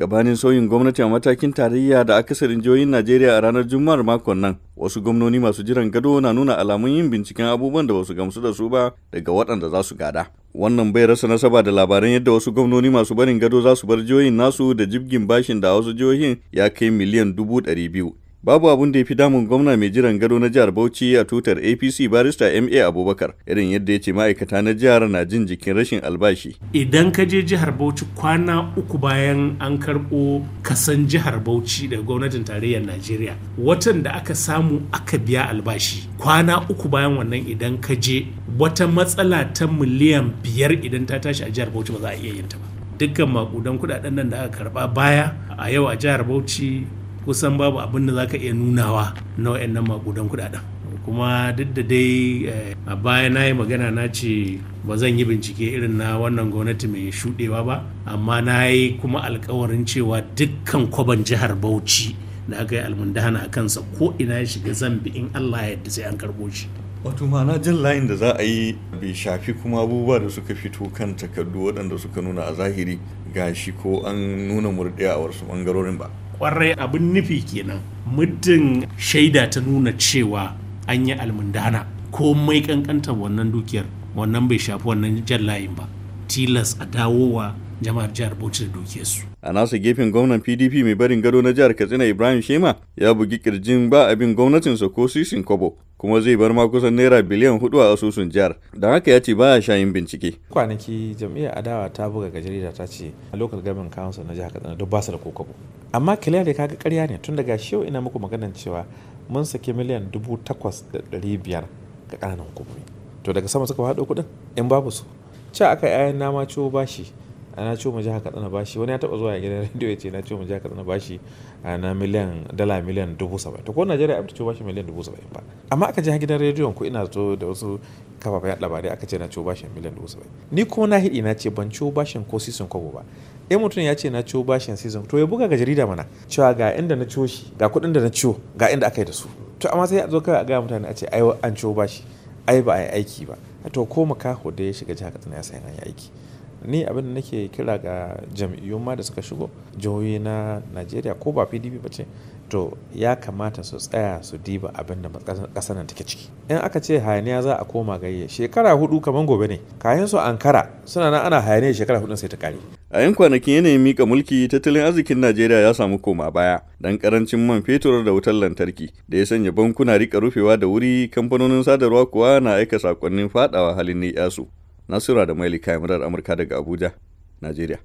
gabanin sauyin gwamnati a matakin tarayya da akasarin jihohin Najeriya a ranar Juma'ar makon nan. Wasu gwamnoni masu jiran gado na nuna alamun yin binciken abubuwan da basu gamsu da su ba daga waɗanda za su gada. Wannan bai rasa nasaba da labaran yadda wasu gwamnoni masu barin gado za su bar jihohin nasu da jibgin bashin da wasu jihohin ya kai miliyan dubu ɗari biyu Babu abin da ya fi damun gwamna mai jiran gado na jihar Bauchi a tutar APC barista MA Abubakar irin yadda ya ce ma'aikata na jihar na jin jikin rashin albashi. Idan ka je jihar Bauchi kwana uku bayan an karɓo kasan jihar Bauchi daga gwamnatin tarayyar Najeriya watan da aka samu aka biya albashi kwana uku bayan wannan idan ka je wata matsala ta miliyan biyar idan ta tashi a jihar Bauchi ba za a iya yin ta ba. Dukkan makudan kudaden nan da aka karba baya a yau a jihar Bauchi kusan babu abin da zaka iya nunawa na wayannan makudan kudaden kuma duk da dai eh, a baya na yi magana na ce ba zan yi bincike irin na wannan gwamnati mai shuɗewa ba amma na yi kuma alkawarin cewa dukkan kwaban jihar bauchi da aka yi almundana a kansa ko ina ya shiga bi in allah yadda sai an karbo shi wato ma'ana jin layin da za a yi bai shafi kuma abubuwa da suka fito kan takardu waɗanda suka nuna a zahiri gashi ko an nuna murɗiya a wasu ɓangarorin ba kwarai abin nufi kenan muddin shaida ta nuna cewa an yi almundana ko mai kankanta wannan dukiyar wannan bai shafi wannan jan layin ba tilas a dawowa jama'ar jihar Bauchi da dukiyarsu. A nasa gefen gwamnan PDP mai barin gado na jihar Katsina Ibrahim Shema ya bugi kirjin ba abin gwamnatin ko sisin kobo kuma zai bar ma kusan naira biliyan hudu a asusun jihar. Don haka ya ce baya shayin bincike. Kwanaki jam'iyyar adawa ta buga ga jarida ta ce a local government council na jihar Katsina duk ba da ko kobo. amma da kaga karya ne tun daga shi ina muku maganan cewa mun saki miliyan dubu takwas da ɗari biyar ga ƙananan hukumomi to daga sama suka haɗo kuɗin in babu su ce aka yi ayan nama ciwo bashi ana ciwo mu jiha katsina bashi wani ya taɓa zuwa gidan rediyo ya ce na ciwo mu jiha katsina bashi na miliyan dala miliyan dubu saba to ko najeriya fita ciwo bashi miliyan dubu saba ba amma aka je gidan rediyon ku ina zo da wasu kafafen yaɗa labarai aka ce na ciwo bashin miliyan dubu saba'in ni kuma na hiɗi na ce ban ciwo bashin ko sisin kwabo ba in mutum ya ce na ciwo bashin season to ya buga ga jarida mana cewa ga inda na ciwo shi ga kuɗin da na ciwo ga inda aka yi da su to amma sai a zo kawai a gaya mutane a ce ai an ciwo bashi ai ba a yi aiki ba to ko makaho da ya shiga jihar katsina ya san an yi aiki ni abin da nake kira ga jam'iyyun ma da suka shigo jihohi na najeriya ko ba pdp ba ce to ya kamata su tsaya su diba abin da ƙasar nan take ciki in aka ce hayaniya za a koma gayye shekara hudu kamar gobe ne kayan su ankara suna nan ana hayaniya shekara hudu sai ta kare a yan kwanakin yanayin mika mulki tattalin arzikin najeriya ya samu koma baya dan karancin man fetur da wutar lantarki da ya sanya bankuna rika rufewa da wuri kamfanonin sadarwa kuwa na aika sakonnin fadawa halin ne yasu nasura da mailika murar amurka daga abuja najeriya